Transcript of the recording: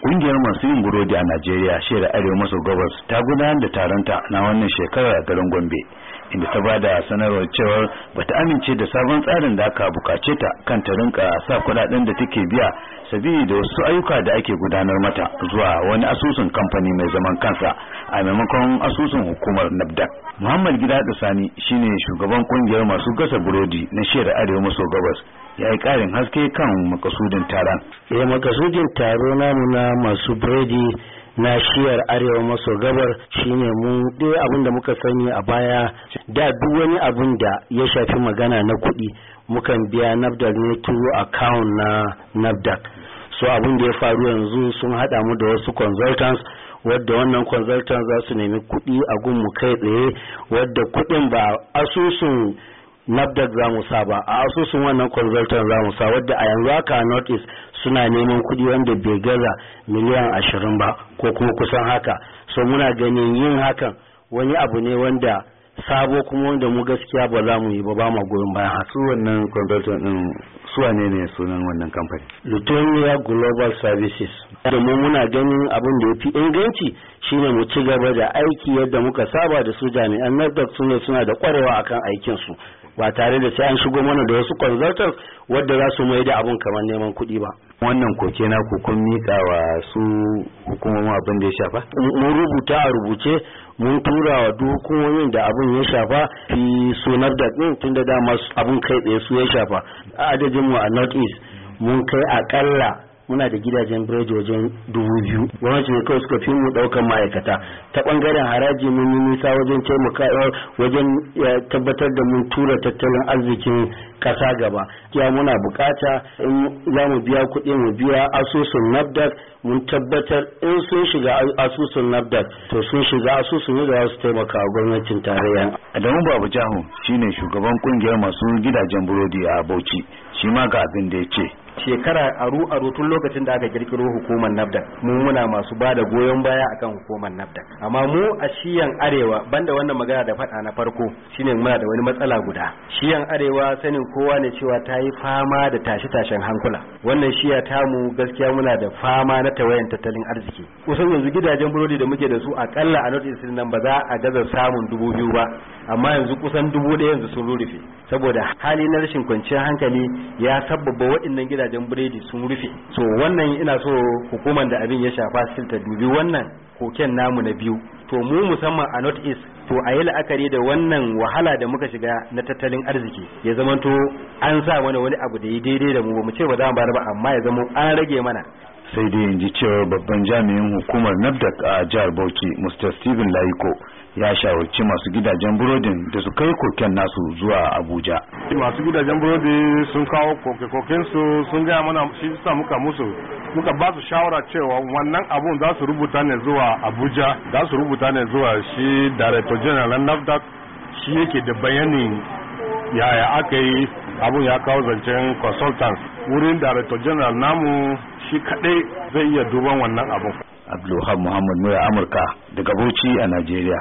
Ƙungiyar masu yin burodi a Najeriya shida Arewa maso gabas ta gudanar da taronta na wannan shekarar a garin Gombe inda ta ba da sanarwar cewa ba ta amince da sabon tsarin da aka bukace ta kan ta rinka sa kuɗaɗen da take biya sabili da wasu ayyuka da ake gudanar mata zuwa wani asusun kamfani mai zaman kansa a maimakon asusun hukumar nabda Muhammad Gida Sani shine shugaban ƙungiyar masu gasa burodi na shida Arewa maso gabas ya yi ƙarin haske kan makasudin taron. Ya eh, makasudin taro namu na masu biredi na shiyar arewa maso gabar shine mu ɗaya abin da muka sani a baya da duk wani abin da ya shafi magana na kuɗi mukan biya nafdak ne turu account na nafdak so abin da ya faru yanzu sun haɗa mu da wasu consultants wadda wannan consultants za su nemi kuɗi a gunmu kai tsaye wadda kuɗin ba asusun nafdak za mu sa ba a asusun wannan consultant za mu sa wadda a yanzu aka notice suna neman kuɗi wanda bai gaza miliyan ashirin ba ko kuma kusan haka so muna ganin yin hakan wani abu ne wanda sabo kuma wanda mu gaskiya ba za mu yi ba ba ma goyon bayan haka su wannan consultant din su ne ne sunan wannan kamfani Lutonia Global Services da mu muna ganin abin da yafi inganci shine mu ci gaba da aiki yadda muka saba da su jami'an NAFDAC suna da kwarewa akan aikin su ba tare da sai an shigo mana da wasu consultants wadda za su mai da abun kamar neman kuɗi ba wannan koke na ku kun mika wa su hukumar abin da ya shafa mun rubuta a rubuce mun tura wa duk hukumomin da abin ya shafa fi sunar da din tunda dama abun kai tsaye su ya shafa a adadin mu a north east mun kai akalla muna da gidajen biredi wajen dubu biyu gwamnati ne kawai suka fi mu daukan ma'aikata ta bangaren haraji mun yi nisa wajen taimaka wajen tabbatar da mun tura tattalin arzikin kasa gaba ya muna bukata in za mu biya kuɗi mu biya asusun nafdak mun tabbatar in sun shiga asusun nafdak to sun shiga asusun da za su taimaka gwamnatin tarayya adamu babu jahu shine shugaban kungiyar masu gidajen burodi a bauchi shi ma ga abin da ya ce shekara aru aru tun lokacin da aka kirkiro hukumar nafdak mu muna masu ba da goyon baya akan hukumar nafdak amma mu a shiyan arewa banda wannan magana da faɗa na farko shine muna da wani matsala guda shiyan arewa sanin kowa ne cewa ta yi fama da tashe-tashen hankula wannan shiya mu gaskiya muna da fama na tawayan tattalin arziki kusan yanzu gidajen burodi da muke da su akalla a north east nan ba za a gaza samun dubu biyu ba amma yanzu kusan dubu ɗaya yanzu sun rufe saboda hali na rashin kwanciyar hankali ya sababba waɗannan gidajen burodi sun rufe so wannan ina so hukumar da abin ya shafa sil ta dubi wannan koken namu na biyu to mu musamman a north east to a yi la'akari da wannan wahala da muka shiga na tattalin arziki ya zama to an sa mana wani abu da ya daidai da mu ba mu ce ba za mu bayar ba amma ya zama an rage mana sai dai in ji cewa babban jami'in hukumar nafdak a jihar bauchi mr steven laiko ya shawarci masu gidajen burodin da su kai koken nasu zuwa abuja masu gidajen burodi sun kawo koke-koken su sun gaya mana shi sa muka musu muka ba su shawara cewa wannan abun za su rubuta ne zuwa abuja za su rubuta rubuta zuwa shi director general na nafdac shi yake da bayanin yaya aka yi abun ya kawo zancen consultant wurin director general namu shi kadai zai iya duban wannan abun abdulwahab muhammad mai amurka daga bauchi a nigeria.